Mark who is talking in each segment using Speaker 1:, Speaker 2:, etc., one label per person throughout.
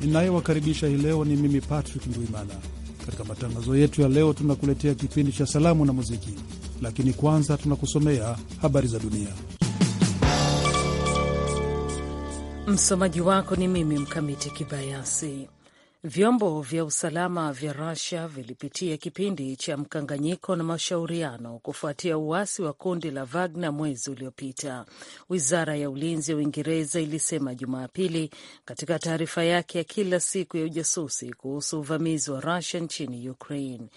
Speaker 1: ninayewakaribisha hii leo ni mimi Patrick Ndwimana. Katika matangazo yetu ya leo, tunakuletea kipindi cha salamu na muziki, lakini kwanza tunakusomea habari za dunia.
Speaker 2: Msomaji wako ni mimi Mkamiti Kibayasi. Vyombo vya usalama vya rasia vilipitia kipindi cha mkanganyiko na mashauriano kufuatia uasi wa kundi la Wagner mwezi uliopita, wizara ya ulinzi ya Uingereza ilisema Jumapili katika taarifa yake ya kila siku ya ujasusi kuhusu uvamizi wa rasia nchini Ukraine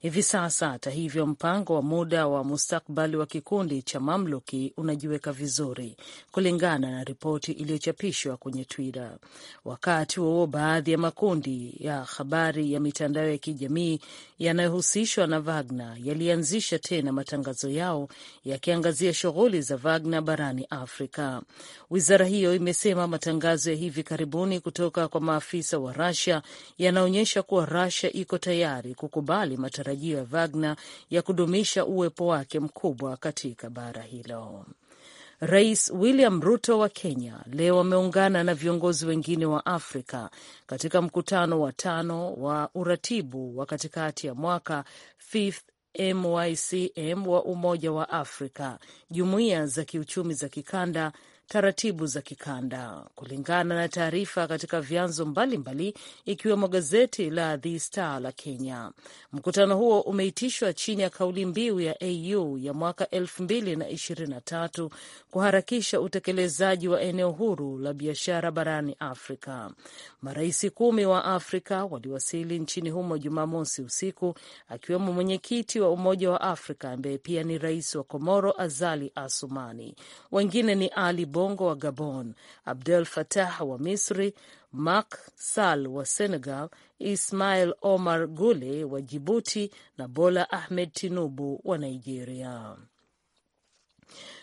Speaker 2: hivi sasa. Hata hivyo, mpango wa muda wa mustakbali wa kikundi cha mamluki unajiweka vizuri, kulingana na ripoti iliyochapishwa kwenye Twitter. Wakati huo baadhi ya makundi ya habari ya mitandao ya kijamii yanayohusishwa na Wagner yalianzisha tena matangazo yao yakiangazia shughuli za Wagner barani Afrika. Wizara hiyo imesema matangazo ya hivi karibuni kutoka kwa maafisa wa Russia yanaonyesha kuwa Russia iko tayari kukubali matara matarajio ya Wagner ya kudumisha uwepo wake mkubwa katika bara hilo. Rais William Ruto wa Kenya leo ameungana na viongozi wengine wa Afrika katika mkutano wa tano wa uratibu wa katikati ya mwaka Fifth MYCM wa Umoja wa Afrika, jumuiya za kiuchumi za kikanda taratibu za kikanda, kulingana na taarifa katika vyanzo mbalimbali ikiwemo gazeti la The Star la Kenya. Mkutano huo umeitishwa chini ya kauli mbiu ya AU ya mwaka 2023 kuharakisha utekelezaji wa eneo huru la biashara barani Afrika. Marais kumi wa Afrika waliwasili nchini humo Jumamosi usiku, akiwemo mwenyekiti wa Umoja wa Afrika ambaye pia ni rais wa Komoro Azali Asumani. Wengine ni Ali Bo Bongo wa Gabon, Abdel Fattah wa Misri, mak sal wa Senegal, Ismail Omar Gule wa Jibuti na Bola Ahmed Tinubu wa Nigeria.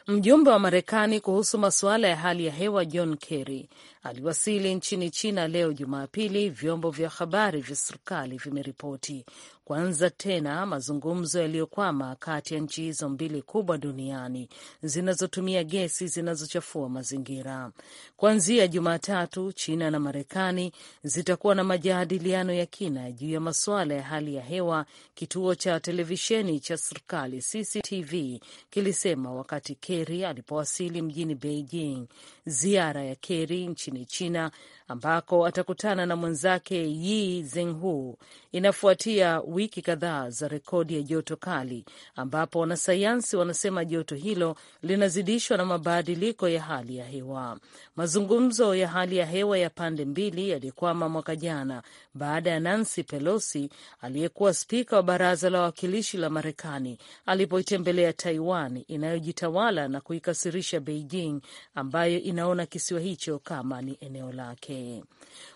Speaker 2: Mjumbe wa Marekani kuhusu masuala ya hali ya hewa John Kerry aliwasili nchini China leo Jumapili, vyombo vya habari vya serikali vimeripoti kuanza tena mazungumzo yaliyokwama kati ya nchi hizo mbili kubwa duniani zinazotumia gesi zinazochafua mazingira. Kuanzia Jumatatu, China na Marekani zitakuwa na majadiliano ya kina juu ya masuala ya hali ya hewa, kituo cha televisheni cha serikali CCTV kilisema wakati ke Kerry alipowasili mjini Beijing, ziara ya Kerry nchini China ambako atakutana na mwenzake Yi zenghu inafuatia wiki kadhaa za rekodi ya joto kali, ambapo wanasayansi wanasema joto hilo linazidishwa na mabadiliko ya hali ya hewa. Mazungumzo ya hali ya hewa ya pande mbili yalikwama mwaka jana baada ya Nancy Pelosi aliyekuwa spika wa baraza la wawakilishi la Marekani alipoitembelea Taiwan inayojitawala na kuikasirisha Beijing ambayo inaona kisiwa hicho kama ni eneo lake.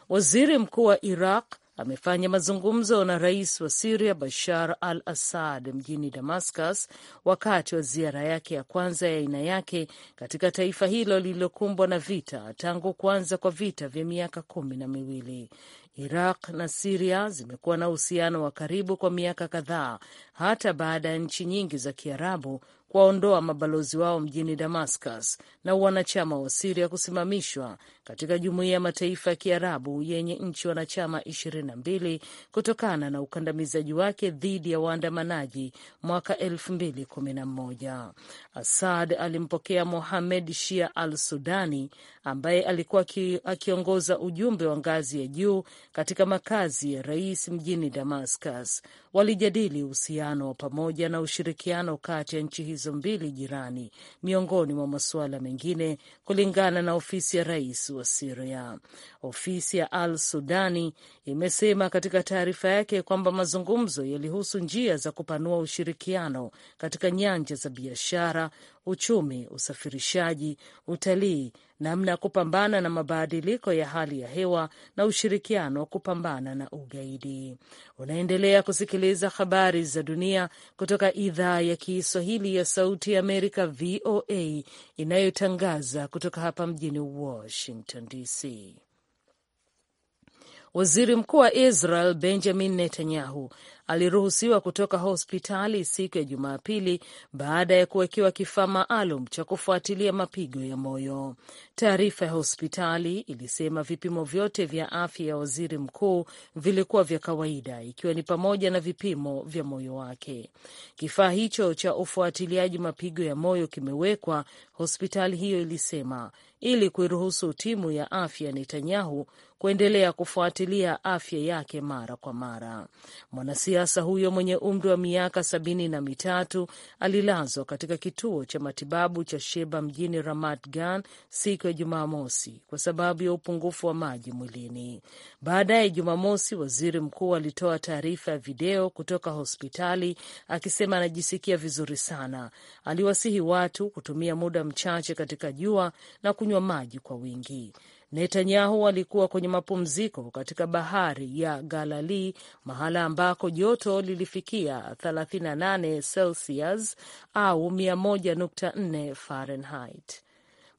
Speaker 2: Waziri mkuu wa Iraq amefanya mazungumzo na rais wa Siria Bashar al Assad mjini Damascus wakati wa ziara yake ya kwanza ya aina yake katika taifa hilo lililokumbwa na vita tangu kuanza kwa vita vya miaka kumi na miwili. Iraq na Siria zimekuwa na uhusiano wa karibu kwa miaka kadhaa hata baada ya nchi nyingi za Kiarabu kuwaondoa mabalozi wao mjini Damascus na wanachama wa Siria kusimamishwa katika Jumuiya ya Mataifa ya Kiarabu yenye nchi wanachama 22 kutokana na ukandamizaji wake dhidi ya waandamanaji mwaka 2011. Assad alimpokea Mohamed Shia al Sudani ambaye alikuwa akiongoza ujumbe wa ngazi ya juu katika makazi ya rais mjini Damascus. Walijadili uhusiano wa pamoja na ushirikiano kati ya nchi hizo hizo mbili jirani, miongoni mwa masuala mengine, kulingana na ofisi ya rais wa Siria. Ofisi ya Al Sudani imesema katika taarifa yake kwamba mazungumzo yalihusu njia za kupanua ushirikiano katika nyanja za biashara, uchumi, usafirishaji, utalii namna ya kupambana na mabadiliko ya hali ya hewa na ushirikiano wa kupambana na ugaidi. Unaendelea kusikiliza habari za dunia kutoka idhaa ya Kiswahili ya Sauti ya Amerika, VOA, inayotangaza kutoka hapa mjini Washington DC. Waziri mkuu wa Israel Benjamin Netanyahu aliruhusiwa kutoka hospitali siku ya Jumapili baada ya kuwekewa kifaa maalum cha kufuatilia mapigo ya moyo. Taarifa ya hospitali ilisema vipimo vyote vya afya ya waziri mkuu vilikuwa vya kawaida, ikiwa ni pamoja na vipimo vya moyo wake. Kifaa hicho cha ufuatiliaji mapigo ya moyo kimewekwa, hospitali hiyo ilisema, ili kuiruhusu timu ya afya Netanyahu kuendelea kufuatilia afya yake mara kwa mara. Mwanasiasa huyo mwenye umri wa miaka sabini na mitatu alilazwa katika kituo cha matibabu cha Sheba mjini Ramat Gan siku ya Jumamosi kwa sababu ya upungufu wa maji mwilini. Baadaye Jumamosi, waziri mkuu alitoa taarifa ya video kutoka hospitali akisema anajisikia vizuri sana. Aliwasihi watu kutumia muda mchache katika jua na kunywa maji kwa wingi. Netanyahu alikuwa kwenye mapumziko katika bahari ya Galilea, mahala ambako joto lilifikia 38 Celsius au 100.4 Fahrenheit.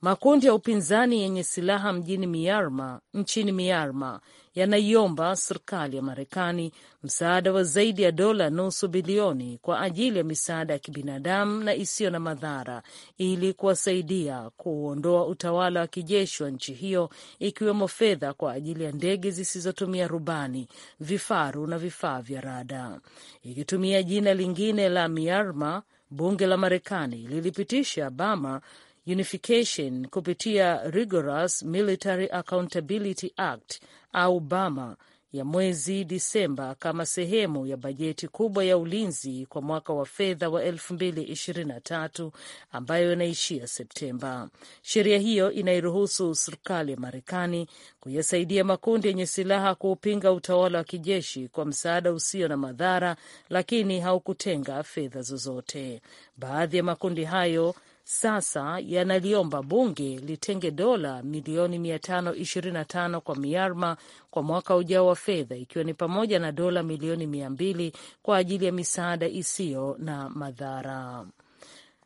Speaker 2: Makundi ya upinzani yenye silaha mjini Myanmar, nchini Myanmar yanaiomba serikali ya Marekani msaada wa zaidi ya dola nusu bilioni kwa ajili ya misaada ya kibinadamu na isiyo na madhara ili kuwasaidia kuondoa utawala wa kijeshi wa nchi hiyo, ikiwemo fedha kwa ajili ya ndege zisizotumia rubani, vifaru na vifaa vya rada. Ikitumia jina lingine la Myanmar, bunge la Marekani lilipitisha Bama Unification kupitia Rigorous Military Accountability Act au BAMA ya mwezi Disemba kama sehemu ya bajeti kubwa ya ulinzi kwa mwaka wa fedha wa 2023 ambayo inaishia Septemba. Sheria hiyo inairuhusu serikali ya Marekani kuyasaidia makundi yenye silaha kuupinga utawala wa kijeshi kwa msaada usio na madhara, lakini haukutenga fedha zozote. Baadhi ya makundi hayo sasa yanaliomba bunge litenge dola milioni 525 kwa Myanmar kwa mwaka ujao wa fedha, ikiwa ni pamoja na dola milioni 200 kwa ajili ya misaada isiyo na madhara.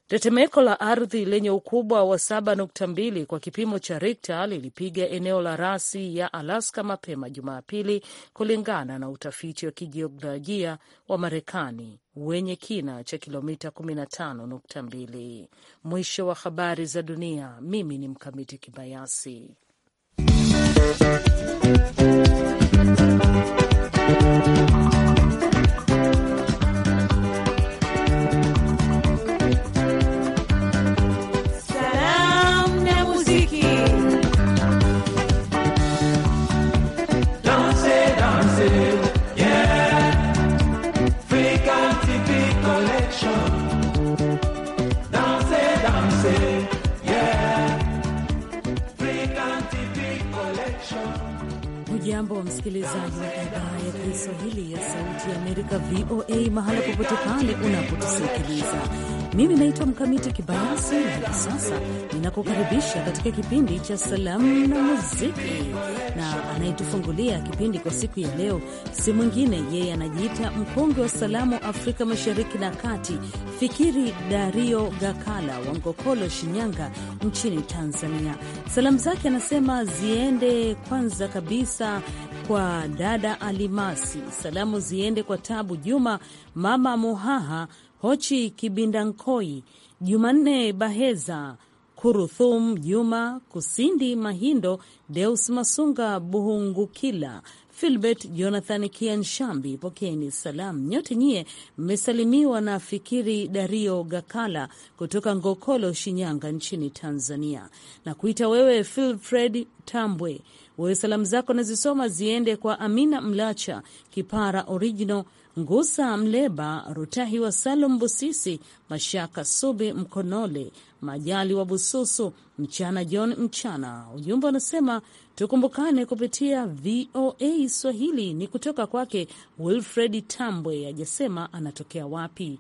Speaker 2: Tetemeko la ardhi lenye ukubwa wa 7.2 kwa kipimo cha Richter lilipiga eneo la rasi ya Alaska mapema Jumapili, kulingana na utafiti wa kijiografia wa Marekani wenye kina cha kilomita 15.2. Mwisho wa habari za dunia. Mimi ni Mkamiti Kibayasi. yako msikilizaji wa idhaa ya Kiswahili ya Sauti ya Amerika, VOA, mahala popote pale unapotusikiliza. Mimi naitwa Mkamiti Kibayasi na hivi sasa ninakukaribisha katika kipindi cha Salamu na Muziki, na anayetufungulia kipindi kwa siku ya leo si mwingine, yeye anajiita mkongwe wa salamu Afrika Mashariki na Kati, Fikiri Dario Gakala wa Ngokolo, Shinyanga, nchini Tanzania. Salamu zake anasema ziende kwanza kabisa kwa dada Alimasi. Salamu ziende kwa Tabu Juma, mama Muhaha, Hochi Kibindankoi, Jumanne Baheza, Kuruthum Juma, Kusindi Mahindo, Deus Masunga Buhungukila, Filbert Jonathan Kianshambi, pokeni salamu nyote. Nyie mmesalimiwa na Fikiri Dario Gakala kutoka Ngokolo, Shinyanga nchini Tanzania, na kuita wewe Filfred Tambwe wewe salamu zako nazisoma ziende kwa Amina Mlacha, Kipara Original, Ngusa Mleba, Rutahi wa Salum Busisi, Mashaka Subi, Mkonole Majali wa Bususu, Mchana John Mchana. Ujumbe unasema tukumbukane kupitia VOA Swahili. Ni kutoka kwake Wilfred Tambwe, ajasema anatokea wapi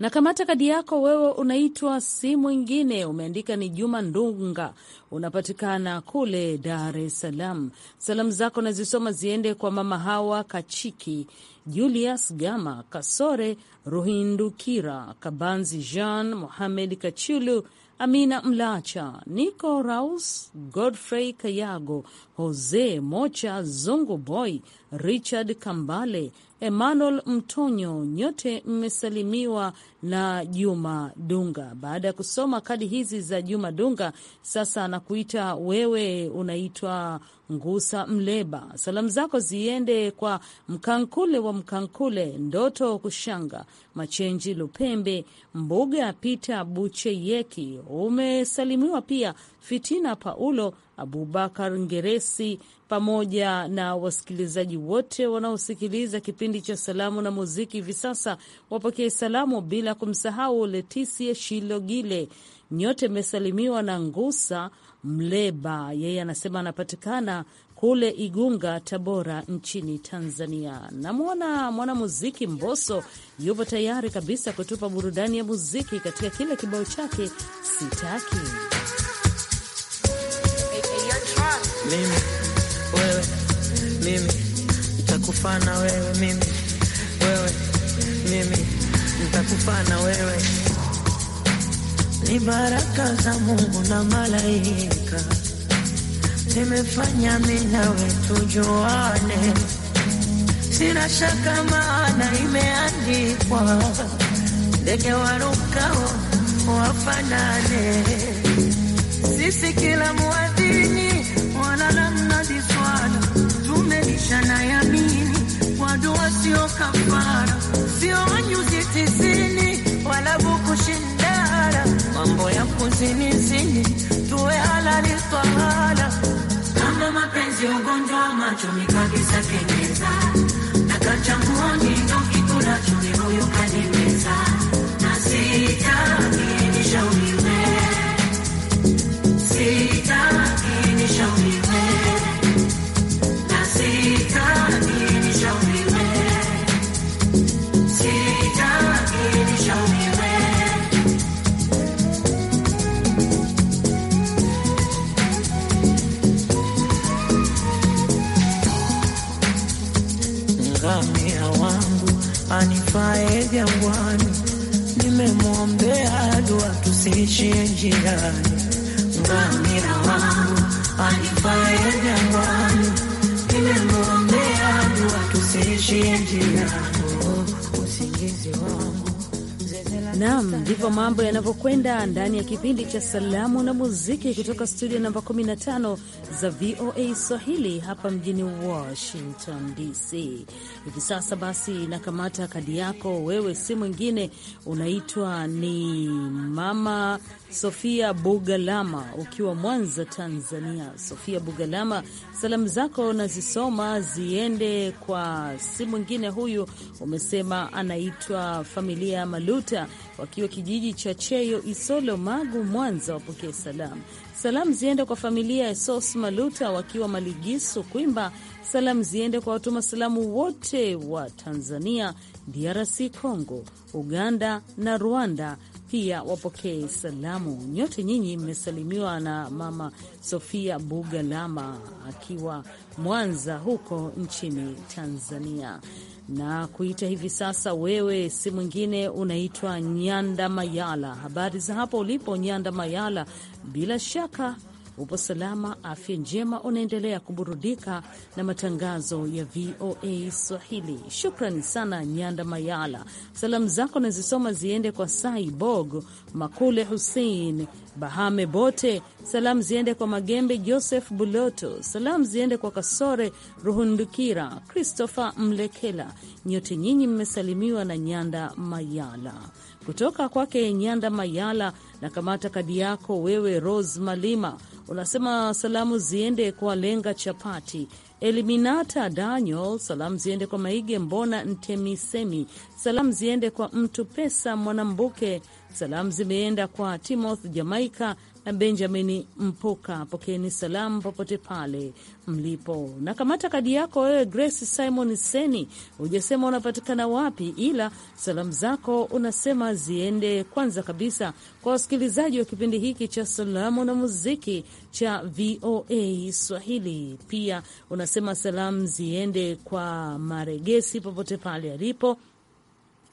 Speaker 2: na kamata kadi yako wewe, unaitwa si mwingine, umeandika ni Juma Ndunga, unapatikana kule Dar es Salaam. Salamu zako nazisoma ziende kwa mama Hawa Kachiki, Julius Gama, Kasore Ruhindukira, Kabanzi Jean, Mohamed Kachulu, Amina Mlacha, Nico Raus, Godfrey Kayago, Jose Mocha, Zungu Boy, Richard Kambale, Emmanuel Mtonyo, nyote mmesalimiwa na Juma Dunga. Baada ya kusoma kadi hizi za Juma Dunga, sasa anakuita wewe, unaitwa Ngusa Mleba. Salamu zako ziende kwa Mkankule wa Mkankule, Ndoto Kushanga, Machenji Lupembe, Mbuga Pita Bucheyeki. Umesalimiwa pia Fitina Paulo, Abubakar Ngeresi pamoja na wasikilizaji wote wanaosikiliza kipindi cha Salamu na Muziki hivi sasa, wapokee salamu bila kumsahau Letisia Shilogile. Nyote mmesalimiwa na Ngusa Mleba, yeye anasema anapatikana kule Igunga, Tabora, nchini Tanzania. Namwona mwanamuziki Mboso yupo tayari kabisa kutupa burudani ya muziki katika kile kibao chake sitaki
Speaker 3: mimi wewe mimi nitakufana wewe mimi wewe mimi nitakufana wewe. Ni baraka za Mungu na malaika nimefanya mimi wewe tujuane, sina shaka maana imeandikwa ndege warukao wafanane, sisi kila mwadhi kiugonjwa macho Niachie njiani, ngamia wangu anifaye jangwani, nimemwombea dua tusiishie njiani, usingizi wangu
Speaker 2: Naam, ndivyo mambo yanavyokwenda ndani ya kipindi cha salamu na muziki kutoka studio namba 15 za VOA Swahili hapa mjini Washington DC. Hivi sasa basi nakamata kadi yako, wewe si mwingine, unaitwa ni mama Sofia Bugalama ukiwa Mwanza, Tanzania. Sofia Bugalama, salamu zako nazisoma ziende kwa si mwingine huyu, umesema anaitwa familia ya Maluta wakiwa kijiji cha Cheyo, Isolo, Magu, Mwanza, wapokee salamu. Salamu ziende kwa familia ya Sos Maluta wakiwa Maligisu, Kwimba. Salamu ziende kwa watuma salamu wote wa Tanzania, DRC Congo, Uganda na Rwanda pia wapokee salamu. Nyote nyinyi mmesalimiwa na Mama Sofia Bugalama akiwa Mwanza huko nchini Tanzania. Na kuita hivi sasa, wewe si mwingine, unaitwa Nyanda Mayala. Habari za hapo ulipo Nyanda Mayala, bila shaka upo salama, afya njema, unaendelea kuburudika na matangazo ya VOA Swahili. Shukrani sana Nyanda Mayala. Salamu zako nazisoma ziende kwa Saibog Makule, Hussein Bahame Bote. Salamu ziende kwa Magembe Joseph Buloto. Salamu ziende kwa Kasore Ruhundukira, Christopher Mlekela. Nyote nyinyi mmesalimiwa na Nyanda Mayala kutoka kwake Nyanda Mayala na kamata kadi yako wewe, Rose Malima. Unasema salamu ziende kwa Lenga Chapati, Eliminata Daniel. Salamu ziende kwa Maige Mbona Ntemisemi. Salamu ziende kwa Mtu Pesa Mwanambuke Salamu zimeenda kwa timoth Jamaika na Benjamin Mpuka, pokeni salamu popote pale mlipo. Na kamata kadi yako wewe, Grace Simon Seni, hujasema unapatikana wapi, ila salamu zako unasema ziende kwanza kabisa kwa wasikilizaji wa kipindi hiki cha salamu na muziki cha VOA Swahili. Pia unasema salamu ziende kwa Maregesi popote pale alipo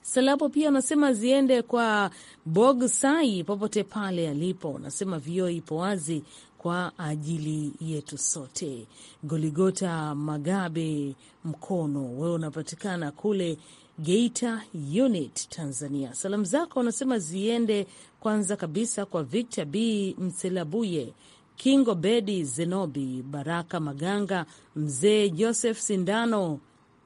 Speaker 2: Salapo pia anasema ziende kwa bog sai popote pale alipo. Anasema vioo ipo wazi kwa ajili yetu sote. Goligota Magabe Mkono, wewe unapatikana kule Geita unit Tanzania. Salamu zako anasema ziende kwanza kabisa kwa Victor B Mselabuye, Kingo Bedi, Zenobi Baraka Maganga, mzee Joseph Sindano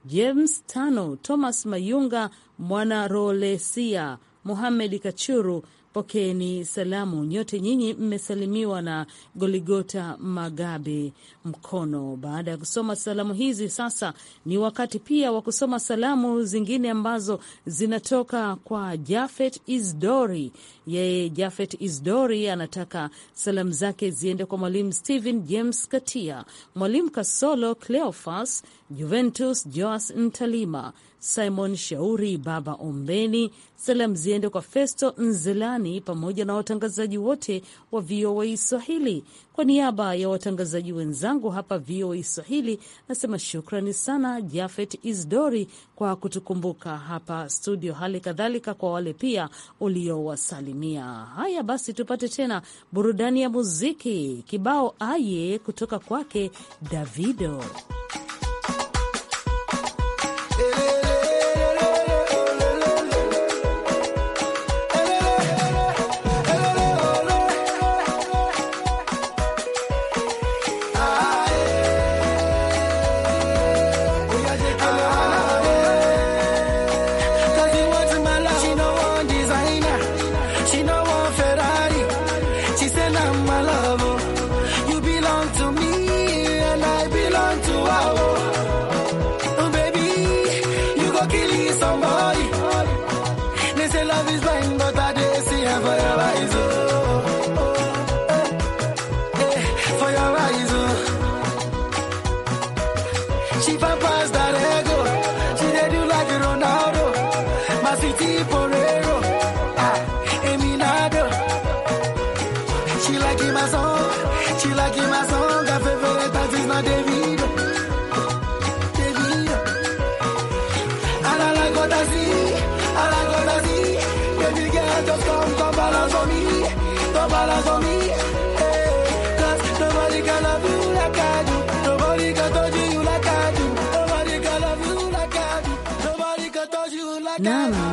Speaker 2: James Tano, Thomas Mayunga, mwana rolesia Muhamed Kachuru. pokeni salamu nyote nyinyi, mmesalimiwa na Goligota Magabe Mkono. Baada ya kusoma salamu hizi, sasa ni wakati pia wa kusoma salamu zingine ambazo zinatoka kwa Jafet Isdori. Yeye Jafet Isdori anataka salamu zake ziende kwa mwalimu Stephen James Katia, mwalimu Kasolo Cleofas, Juventus Joas Ntalima, Simon Shauri, Baba Ombeni. Salamu ziende kwa Festo Nzelani pamoja na watangazaji wote wa VOA Swahili. Kwa niaba ya watangazaji wenzangu hapa VOA Swahili, nasema shukrani sana Jafet Isdori kwa kutukumbuka hapa studio, hali kadhalika kwa wale pia uliowasalimia. Haya basi, tupate tena burudani ya muziki, kibao aye kutoka kwake Davido.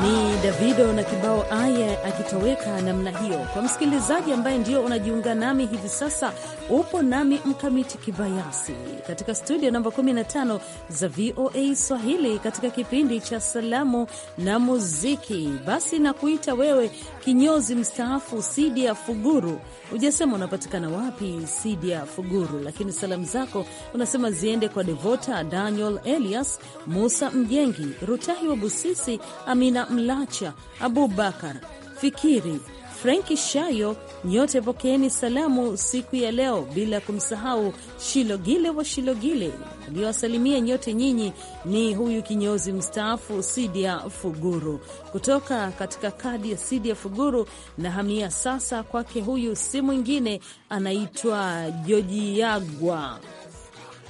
Speaker 2: Ni Davido na kibao aya akitoweka namna hiyo. Kwa msikilizaji ambaye ndio unajiunga nami hivi sasa, upo nami Mkamiti Kibayasi katika studio namba 15 za VOA Swahili katika kipindi cha salamu na muziki. Basi nakuita wewe kinyozi mstaafu Sidia Fuguru. Ujasema unapatikana wapi Sidia Fuguru, lakini salamu zako unasema ziende kwa Devota Daniel Elias, Musa Mjengi, Rutahi wa Busisi, Amina Mlacha, Abubakar Fikiri, Frenki Shayo, nyote pokeeni salamu siku ya leo, bila kumsahau Shilogile wa Shilogile. Aliyowasalimia nyote nyinyi ni huyu kinyozi mstaafu Sidia Fuguru. Kutoka katika kadi ya Sidia Fuguru na hamia sasa kwake, huyu si mwingine anaitwa Jojiagwa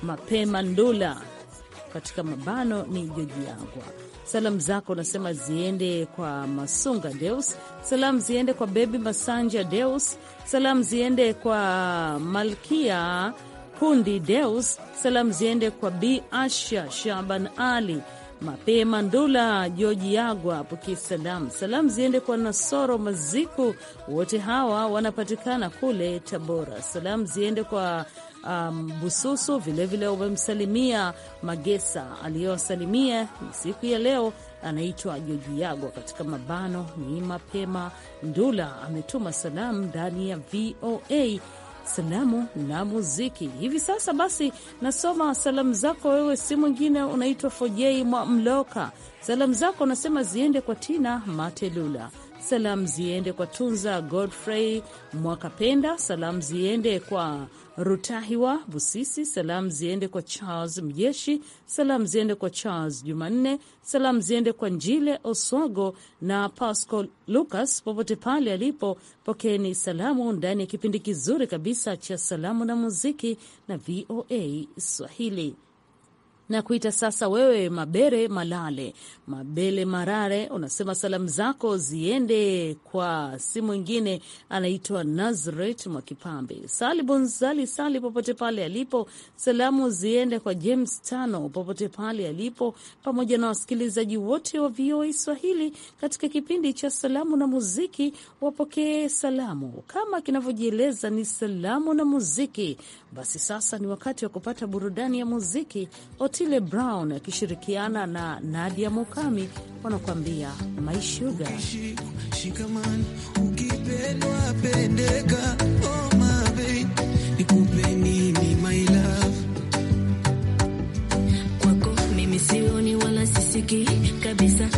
Speaker 2: Mapema Ndula, katika mabano ni Jojiagwa Salamu zako unasema ziende kwa Masunga Deus, salamu ziende kwa Bebi Masanja Deus, salamu ziende kwa Malkia Kundi Deus, salamu ziende kwa Bi Asha Shaban Ali Mapema Ndula Joji Yagwa puki salamu. Salamu ziende kwa Nasoro Maziku, wote hawa wanapatikana kule Tabora. Salamu ziende kwa um, Bususu vilevile umemsalimia Magesa. Aliyowasalimia siku ya leo anaitwa Joji Yago katika mabano ni mapema. Ndula ametuma salamu ndani ya VOA salamu na muziki hivi sasa. Basi nasoma salamu zako wewe, si mwingine unaitwa Fojei Mwa Mloka. Salamu zako unasema ziende kwa Tina Matelula Salamu ziende kwa Tunza Godfrey Mwakapenda. Salamu ziende kwa Rutahiwa Busisi. Salamu ziende kwa Charles Mjeshi. Salamu ziende kwa Charles Jumanne. Salamu ziende kwa Njile Oswago na Pasco Lucas, popote pale alipo, pokeni salamu ndani ya kipindi kizuri kabisa cha Salamu na Muziki na VOA Swahili na kuita sasa wewe Mabere Malale Mabele Marare, unasema salamu zako ziende kwa si mwingine anaitwa Nazareth Mwakipambe, Sali Bonzali Sali popote pale alipo. Salamu ziende kwa James Tano popote pale alipo, pamoja na wasikilizaji wote wa VOA Swahili katika kipindi cha salamu na muziki. Wapokee salamu kama kinavyojieleza ni salamu na muziki. Basi sasa ni wakati wa kupata burudani ya muziki. Otile Brown akishirikiana na Nadia Mukami wanakuambia my sugar.
Speaker 3: Shikamani ukipendwa pendeka, oh my baby, nikupe nini my love kwako mimi sioni wala sisiki kabisa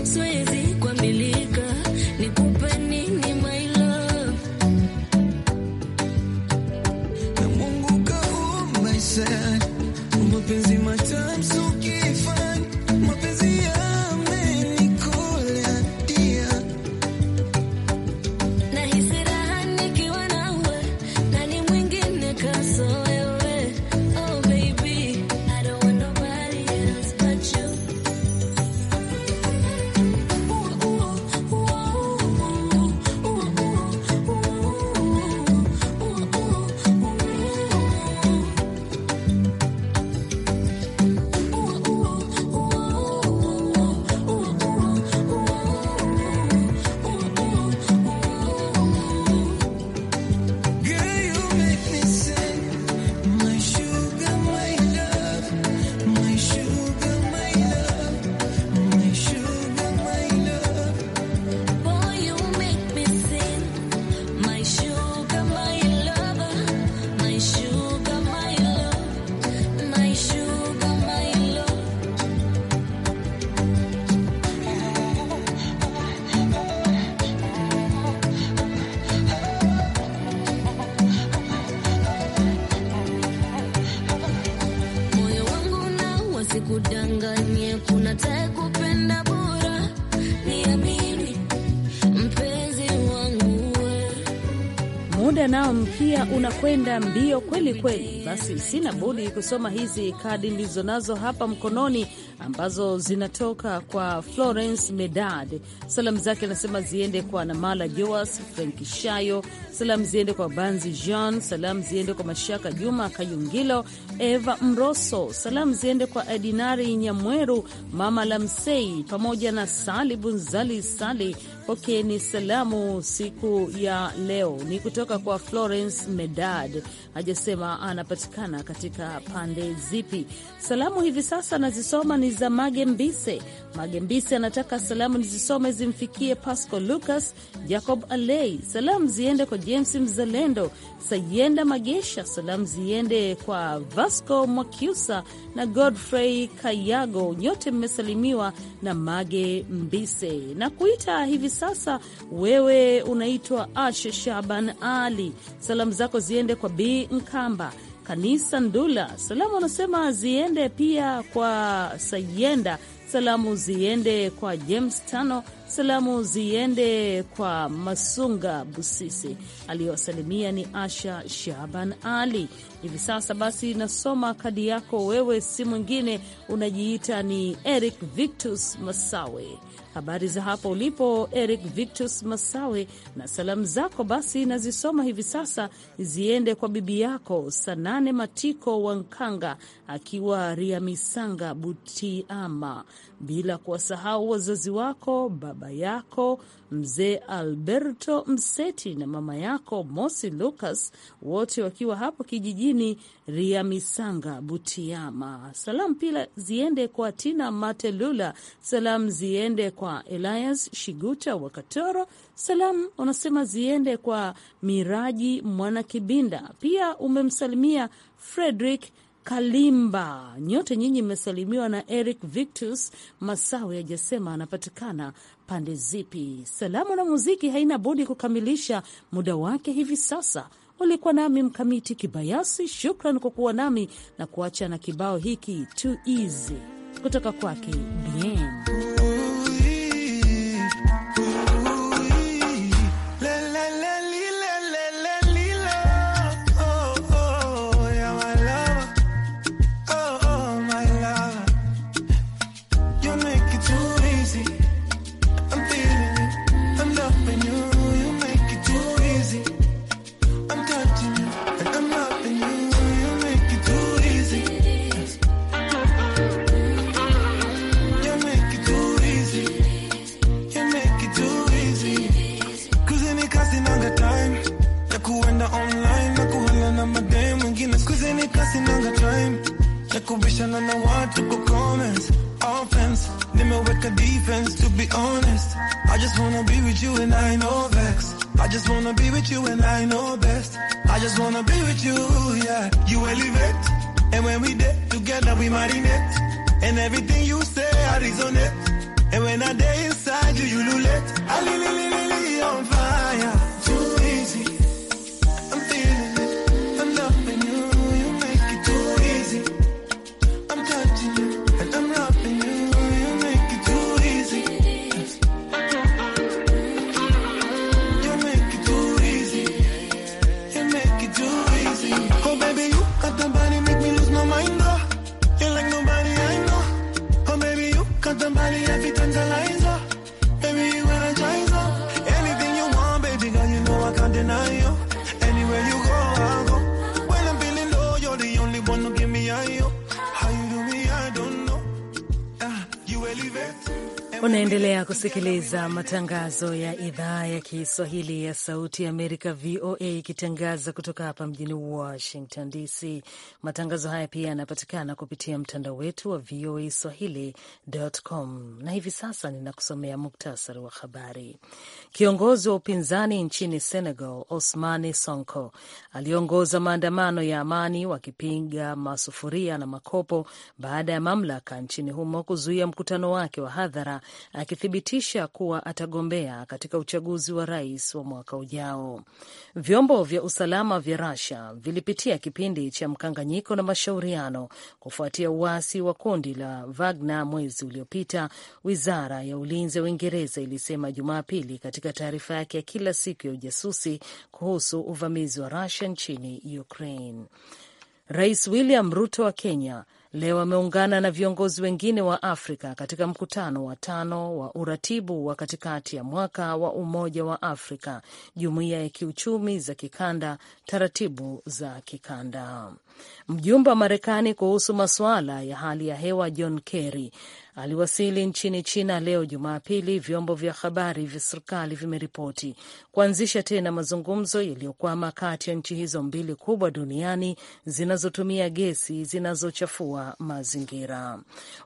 Speaker 2: unakwenda mbio kweli kweli, basi sina budi kusoma hizi kadi nazo hapa mkononi ambazo zinatoka kwa Florence Medad. Salamu zake anasema ziende kwa Namala Joas, Frenki Shayo. Salamu ziende kwa Banzi Jean. Salamu ziende kwa Mashaka Juma Kayungilo, Eva Mroso. Salamu ziende kwa Edinari Nyamweru, Mama Lamsei pamoja na Sali Bunzali Sali ok ni salamu siku ya leo ni kutoka kwa Florence Medad, hajasema anapatikana katika pande zipi. Salamu hivi sasa nazisoma ni za Mage Mbise anataka salamu nizisome zimfikie Pasco Lucas, Jacob Alei. Salamu ziende kwa James Mzalendo, Sayenda Magesha. Salamu ziende kwa Vasco Mwakiusa na Godfrey Kayago, nyote mmesalimiwa na Mage Mbise na kuita hivi sasa wewe unaitwa Asha Shaban Ali, salamu zako ziende kwa B Nkamba kanisa Ndula, salamu unasema ziende pia kwa Sayenda, salamu ziende kwa James Tano, salamu ziende kwa Masunga Busisi. Aliyowasalimia ni Asha Shaban Ali. Hivi sasa basi, nasoma kadi yako wewe, si mwingine unajiita ni Eric Victus Masawe Habari za hapo ulipo, Eric Victus Masawe, na salamu zako basi nazisoma hivi sasa, ziende kwa bibi yako Sanane Matiko Wankanga akiwa Riamisanga Butiama, bila kuwasahau wazazi wako, baba yako mzee Alberto Mseti na mama yako Mosi Lucas, wote wakiwa hapo kijijini Riamisanga Butiama. Salamu pia ziende kwa Tina Matelula, salamu ziende kwa kwa Elias Shiguta wa Katoro. Salamu unasema ziende kwa Miraji Mwana Kibinda, pia umemsalimia Frederick Kalimba. Nyote nyinyi mmesalimiwa na Eric Victus Masawe, ajasema anapatikana pande zipi. Salamu na muziki haina budi kukamilisha muda wake hivi sasa. Ulikuwa nami Mkamiti Kibayasi, shukran kwa kuwa nami na kuacha na kibao hiki too easy kutoka kwake Bien.
Speaker 3: And when I day inside you, you lulate. Ah,
Speaker 2: Unaendelea kusikiliza matangazo ya idhaa ya Kiswahili ya Sauti ya Amerika, VOA, ikitangaza kutoka hapa mjini Washington DC. Matangazo haya pia yanapatikana kupitia mtandao wetu wa VOA Swahili.com, na hivi sasa ninakusomea muktasari wa habari. Kiongozi wa upinzani nchini Senegal, Osmani Sonko, aliongoza maandamano ya amani wakipinga masufuria na makopo baada ya mamlaka nchini humo kuzuia mkutano wake wa hadhara amethibitisha kuwa atagombea katika uchaguzi wa rais wa mwaka ujao. Vyombo vya usalama vya Russia vilipitia kipindi cha mkanganyiko na mashauriano kufuatia uasi wa kundi la Wagner mwezi uliopita, wizara ya ulinzi ya Uingereza ilisema Jumapili katika taarifa yake ya kila siku ya ujasusi kuhusu uvamizi wa Russia nchini Ukraine. Rais William Ruto wa Kenya leo ameungana na viongozi wengine wa Afrika katika mkutano wa tano wa uratibu wa katikati ya mwaka wa Umoja wa Afrika, jumuiya ya kiuchumi za kikanda, taratibu za kikanda. Mjumbe wa Marekani kuhusu masuala ya hali ya hewa John Kerry aliwasili nchini China leo Jumapili, vyombo vya habari vya serikali vimeripoti kuanzisha tena mazungumzo yaliyokwama kati ya nchi hizo mbili kubwa duniani zinazotumia gesi zinazochafua mazingira.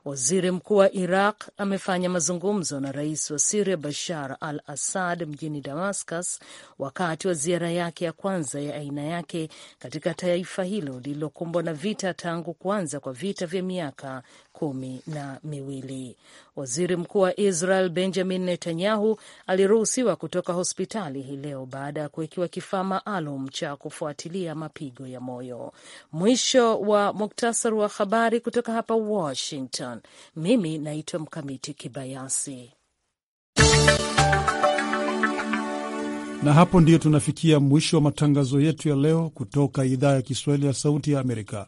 Speaker 2: Waziri mkuu wa Iraq amefanya mazungumzo na rais wa Siria Bashar al Assad mjini Damascus wakati wa ziara yake ya kwanza ya aina yake katika taifa hilo lililokumbwa na vita tangu kuanza kwa vita vya miaka kumi na miwili. Waziri mkuu wa Israel Benjamin Netanyahu aliruhusiwa kutoka hospitali hii leo baada ya kuwekiwa kifaa maalum cha kufuatilia mapigo ya moyo. Mwisho wa muktasari wa habari kutoka hapa Washington. Mimi naitwa Mkamiti Kibayasi.
Speaker 1: Na hapo ndiyo tunafikia mwisho wa matangazo yetu ya leo kutoka idhaa ya Kiswahili ya Sauti ya Amerika.